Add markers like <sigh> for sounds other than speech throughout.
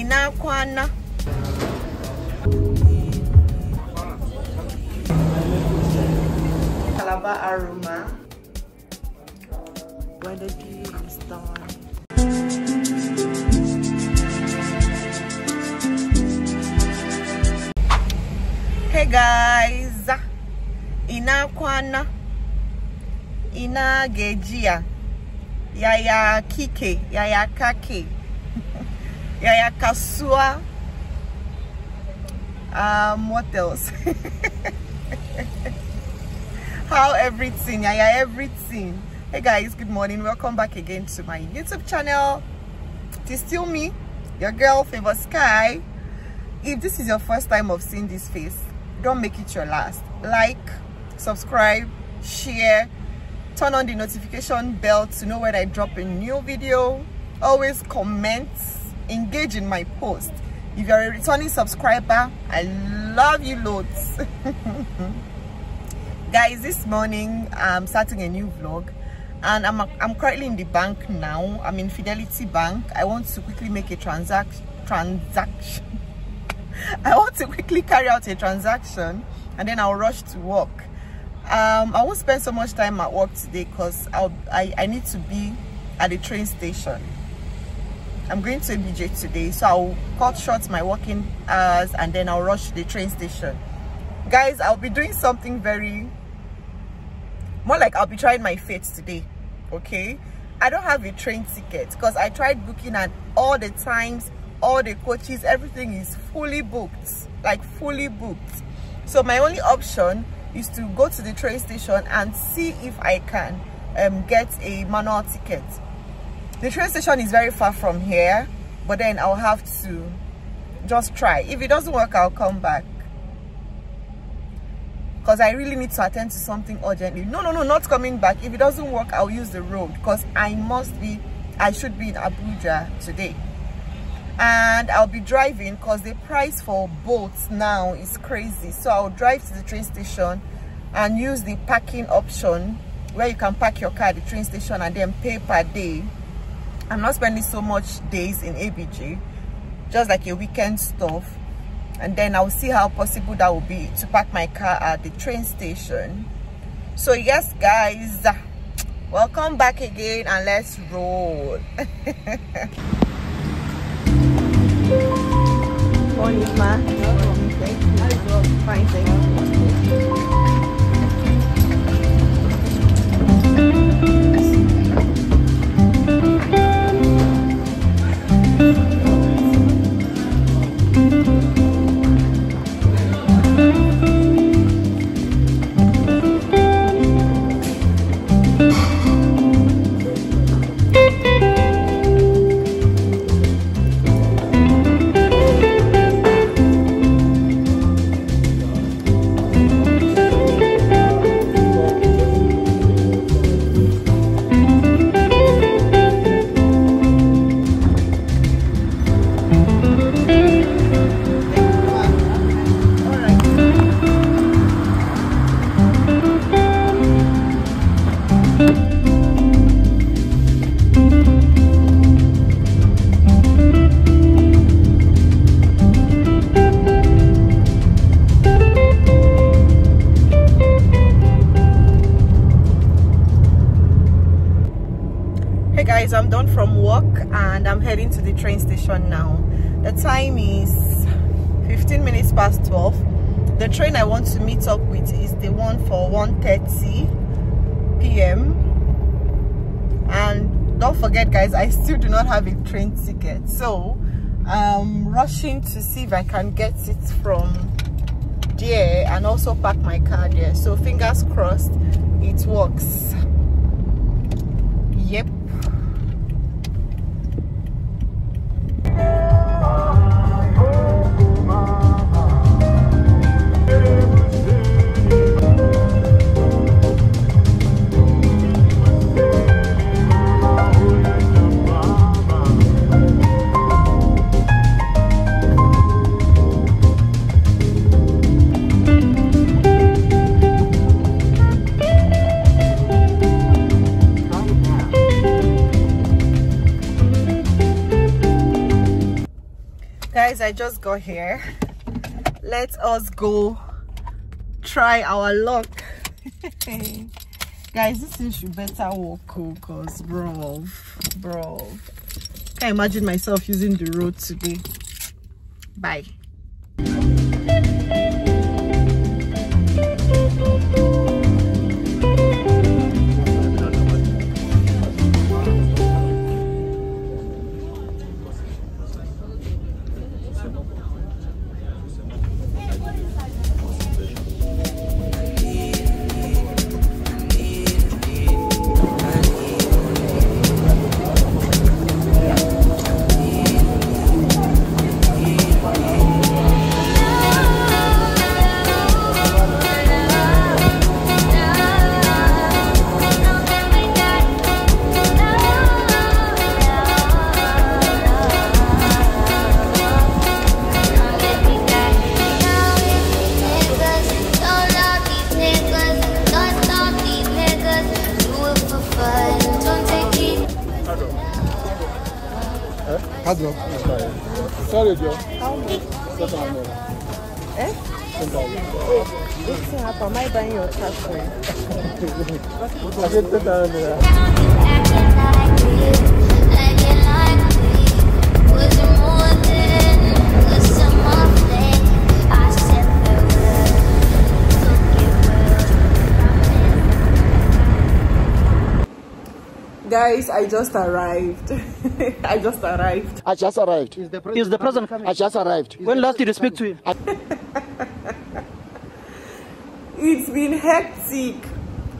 inakwana kalaba aroma when the dew is done hey guys inakwana kwana ya ya kike ya ya kake yaya kasua um what else how everything yaya everything hey guys good morning welcome back again to my youtube channel it is still me your girl favor sky if this is your first time of seeing this face don't make it your last like subscribe share turn on the notification bell to know when i drop a new video always comment engage in my post if you're a returning subscriber i love you loads <laughs> guys this morning i'm starting a new vlog and I'm, I'm currently in the bank now i'm in fidelity bank i want to quickly make a transaction transaction <laughs> i want to quickly carry out a transaction and then i'll rush to work um, i won't spend so much time at work today because i i need to be at the train station I'm going to BJ today, so I'll cut short my working hours and then I'll rush the train station. Guys, I'll be doing something very, more like I'll be trying my fate today, okay? I don't have a train ticket because I tried booking at all the times, all the coaches, everything is fully booked, like fully booked. So my only option is to go to the train station and see if I can um, get a manual ticket the train station is very far from here but then i'll have to just try if it doesn't work i'll come back because i really need to attend to something urgently no no no not coming back if it doesn't work i'll use the road because i must be i should be in abuja today and i'll be driving because the price for boats now is crazy so i'll drive to the train station and use the parking option where you can park your car at the train station and then pay per day i'm not spending so much days in abg just like a weekend stuff and then i'll see how possible that will be to park my car at the train station so yes guys welcome back again and let's roll <laughs> Morning, ma. thank you. you. station now the time is 15 minutes past 12 the train i want to meet up with is the one for 1:30 p.m and don't forget guys i still do not have a train ticket so i'm rushing to see if i can get it from there and also park my car there so fingers crossed it works guys i just got here let us go try our luck <laughs> guys this thing should better work because oh, bro bro can imagine myself using the road today bye calma, diyor? é, Satın é, É? Esse rapaz mais banho, tá certo. A gente tá dando, né? guys i just arrived <laughs> i just arrived i just arrived is the president, is the president coming? i just arrived is when last did you speak to him <laughs> it's been hectic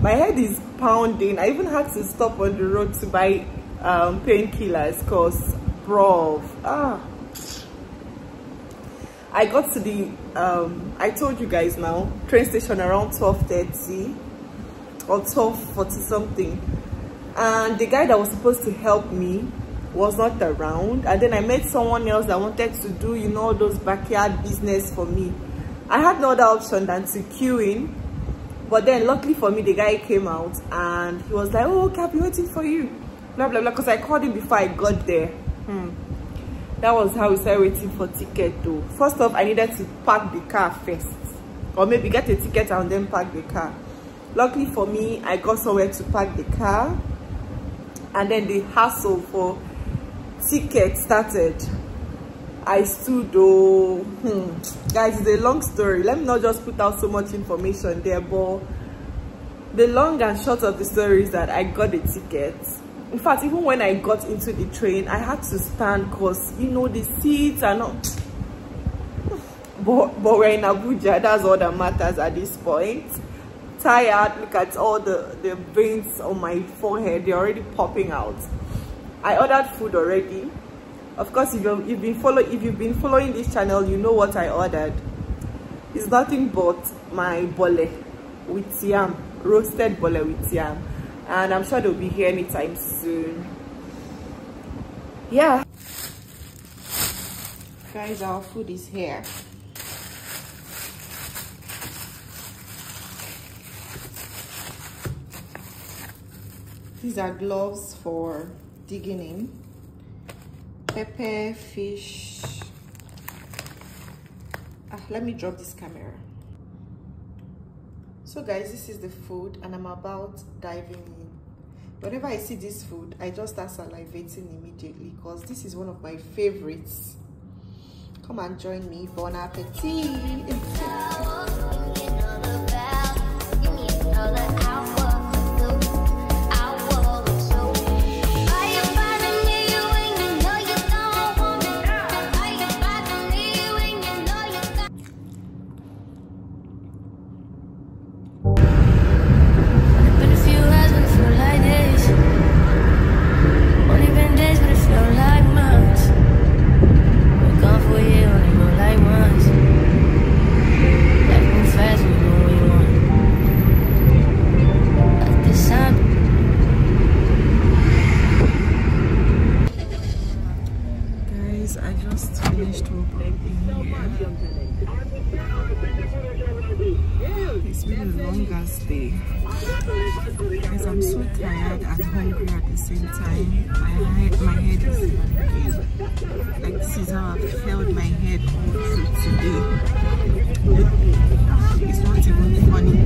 my head is pounding i even had to stop on the road to buy um, painkillers because bro ah i got to the um, i told you guys now train station around 12 30 or 12 40 something and the guy that was supposed to help me was not around and then i met someone else that wanted to do you know those backyard business for me i had no other option than to queue in but then luckily for me the guy came out and he was like oh okay i've been waiting for you blah blah blah because i called him before i got there hmm. that was how we started waiting for ticket though first off i needed to park the car first or maybe get a ticket and then park the car luckily for me i got somewhere to park the car and then the hassle for ticket started i stood oh hmm. guys it's a long story let me not just put out so much information there but the long and short of the story is that i got the ticket in fact even when i got into the train i had to stand because you know the seats are not <sighs> but but we're in abuja that's all that matters at this point tired look at all the the veins on my forehead they're already popping out i ordered food already of course if you've, you've been follow if you've been following this channel you know what i ordered it's nothing but my bole with yam roasted bole with yam and i'm sure they'll be here anytime soon yeah guys our food is here These are gloves for digging in. Pepper, fish. Ah, let me drop this camera. So guys, this is the food and I'm about diving in. Whenever I see this food, I just start salivating immediately because this is one of my favorites. Come and join me. Bon appetit! <laughs> held my head all through today. It's not even funny.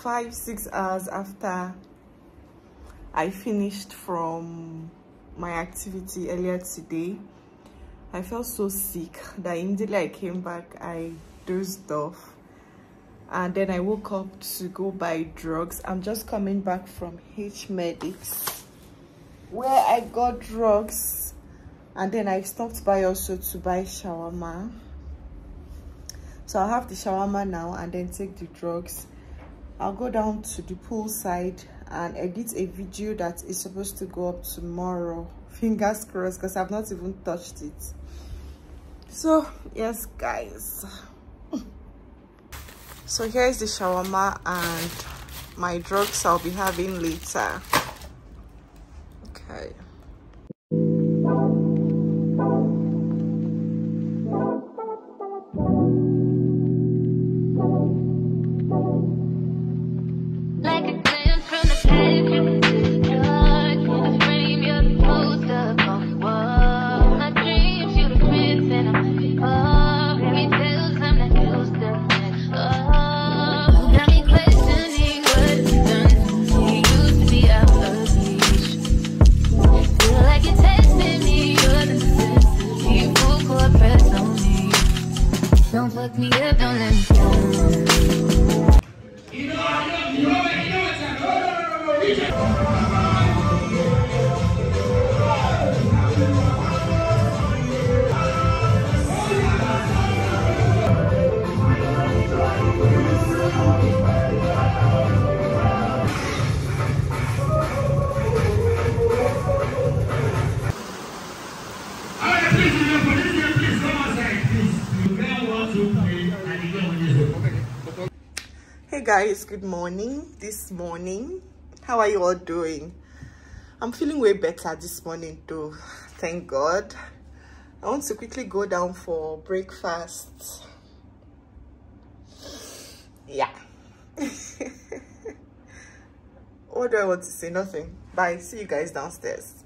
five six hours after I finished from my activity earlier today I felt so sick that immediately I came back I dozed off and then I woke up to go buy drugs I'm just coming back from H Medics where I got drugs and then I stopped by also to buy shawarma so I'll have the shawarma now and then take the drugs I'll go down to the poolside and edit a video that is supposed to go up tomorrow. <laughs> Fingers crossed because I've not even touched it. So, yes, guys. <laughs> so, here is the shawarma and my drugs I'll be having later. Okay. guys good morning this morning how are you all doing i'm feeling way better this morning too thank god i want to quickly go down for breakfast yeah <laughs> what do i want to say nothing bye see you guys downstairs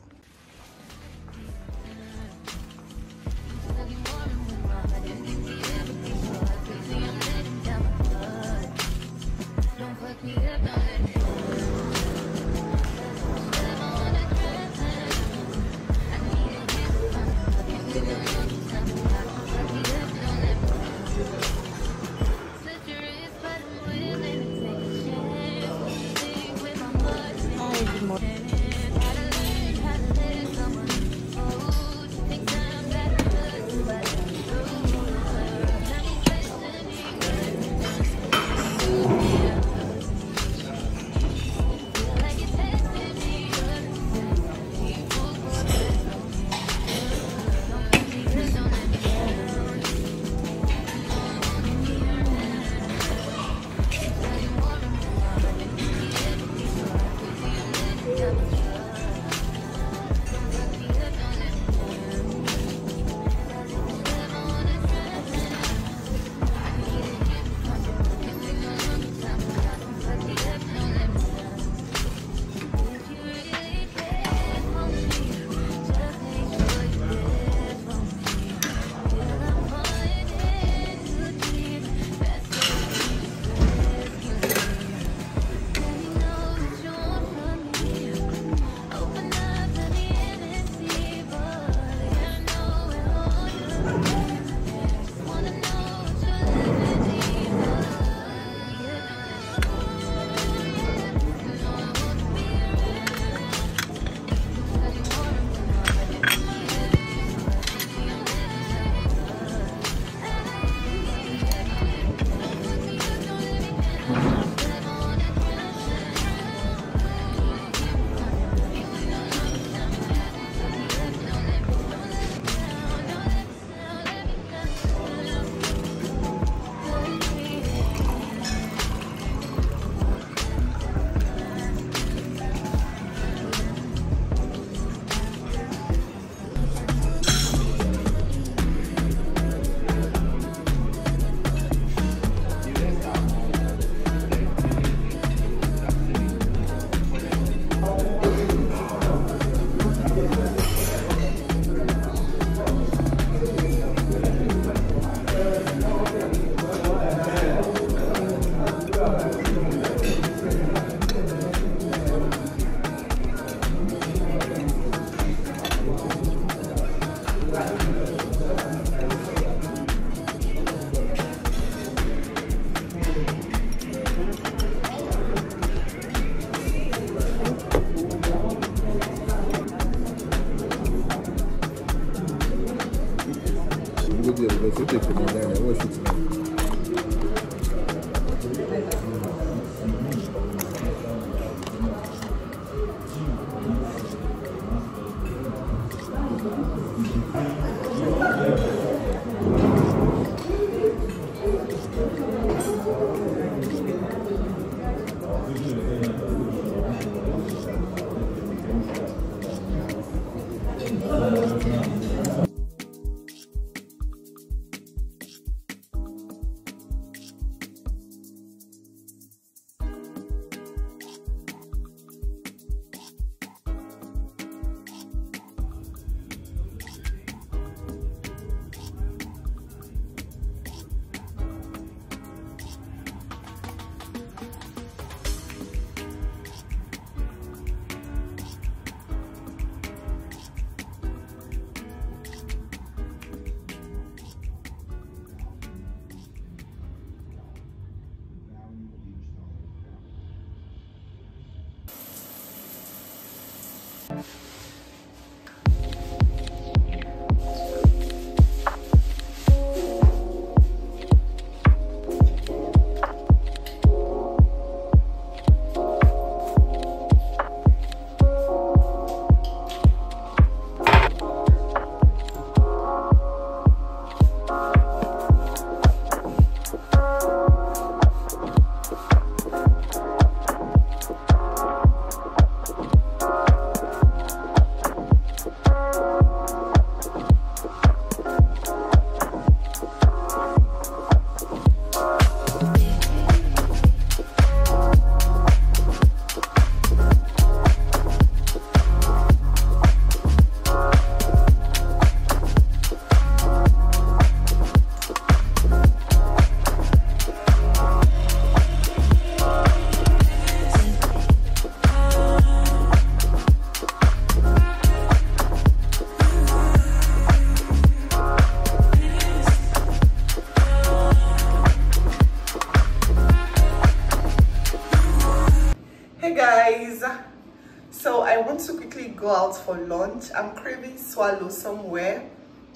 for lunch. I'm craving swallow somewhere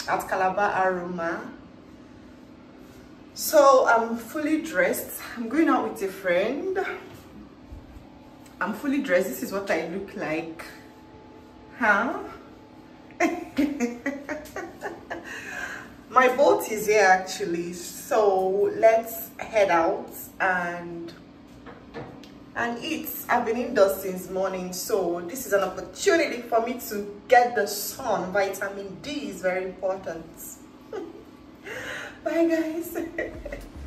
at Calabar Aroma. So I'm fully dressed. I'm going out with a friend. I'm fully dressed. This is what I look like. Huh? <laughs> My boat is here actually. So let's head out and and it's I've been indoors since morning so this is an opportunity for me to get the sun vitamin D is very important <laughs> bye guys <laughs>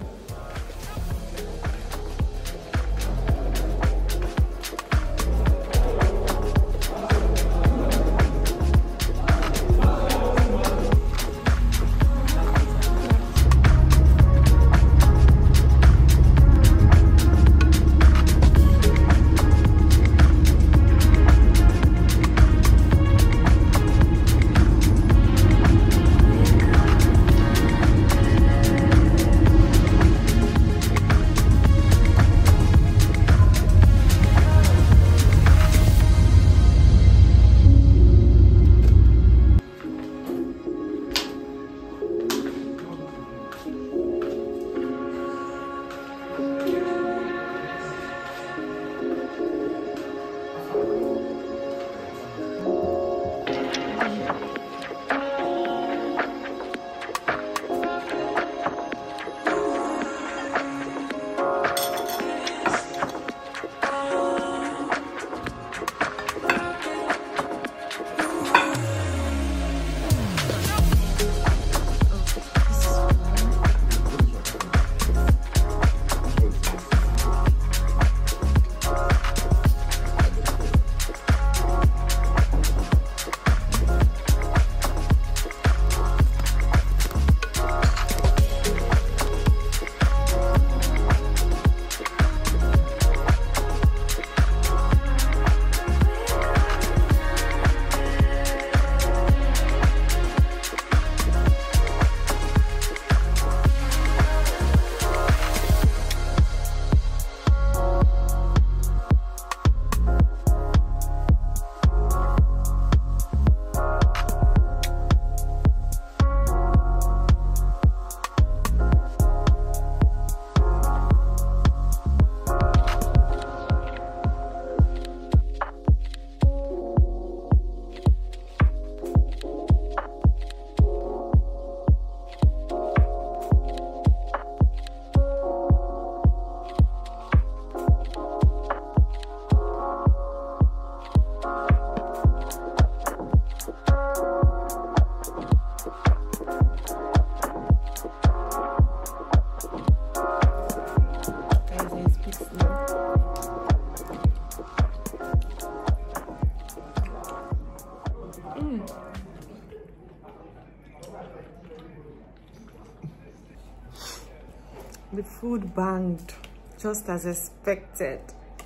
just as expected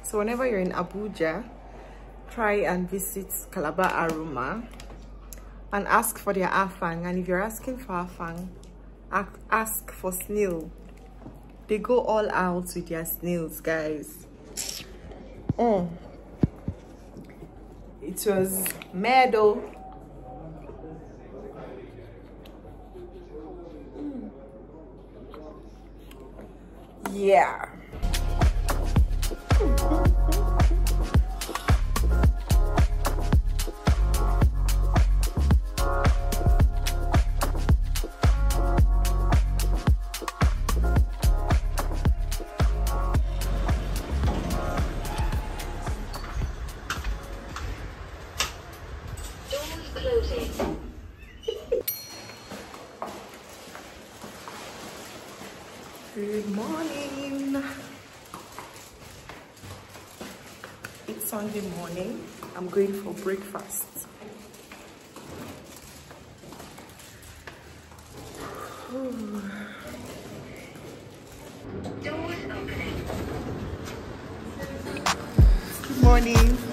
so whenever you're in abuja try and visit calabar aroma and ask for their afang and if you're asking for afang ask for snail they go all out with their snails guys oh it was meadow yeah going for breakfast. Good morning.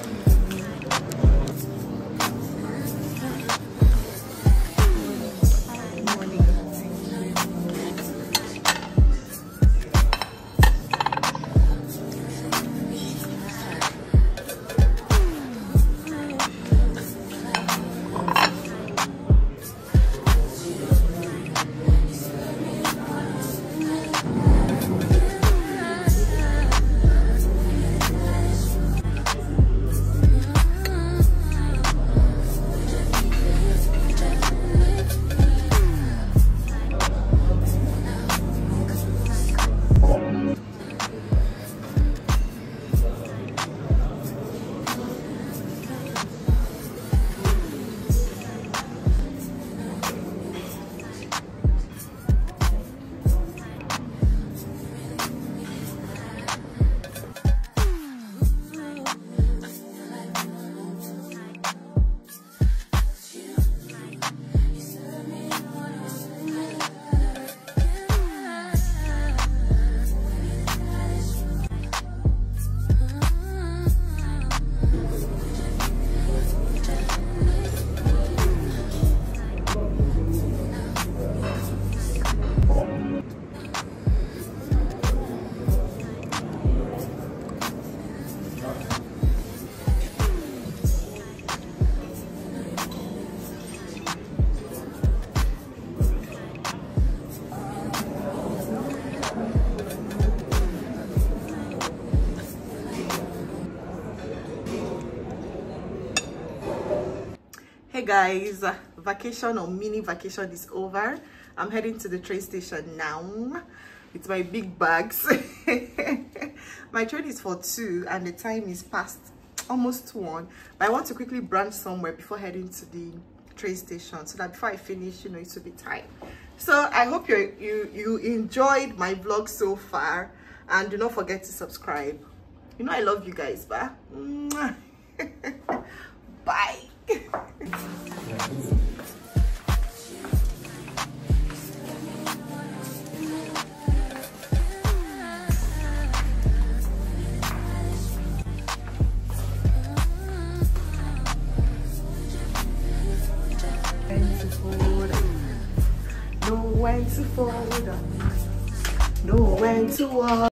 hey guys vacation or mini vacation is over i'm heading to the train station now with my big bags <laughs> my train is for two and the time is past almost one but i want to quickly branch somewhere before heading to the train station so that before i finish you know it will be time so i hope you you you enjoyed my vlog so far and do not forget to subscribe you know i love you guys but <laughs> bye <laughs> No way to fold, no way to walk.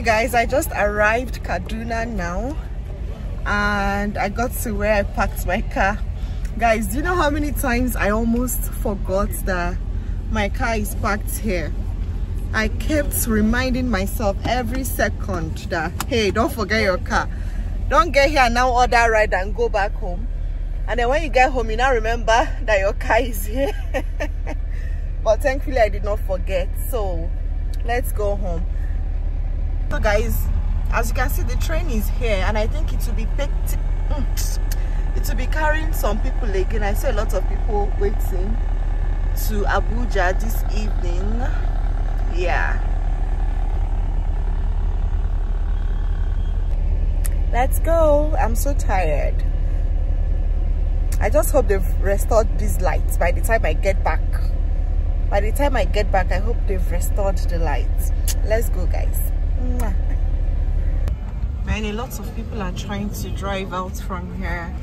hey guys i just arrived kaduna now and i got to where i parked my car guys do you know how many times i almost forgot that my car is parked here i kept reminding myself every second that hey don't forget your car don't get here now order ride and go back home and then when you get home you now remember that your car is here <laughs> but thankfully i did not forget so let's go home so guys as you can see the train is here and i think it will be picked mm, it will be carrying some people again i see a lot of people waiting to abuja this evening yeah let's go i'm so tired i just hope they've restored these lights by the time i get back by the time i get back i hope they've restored the lights let's go guys Many lots of people are trying to drive out from here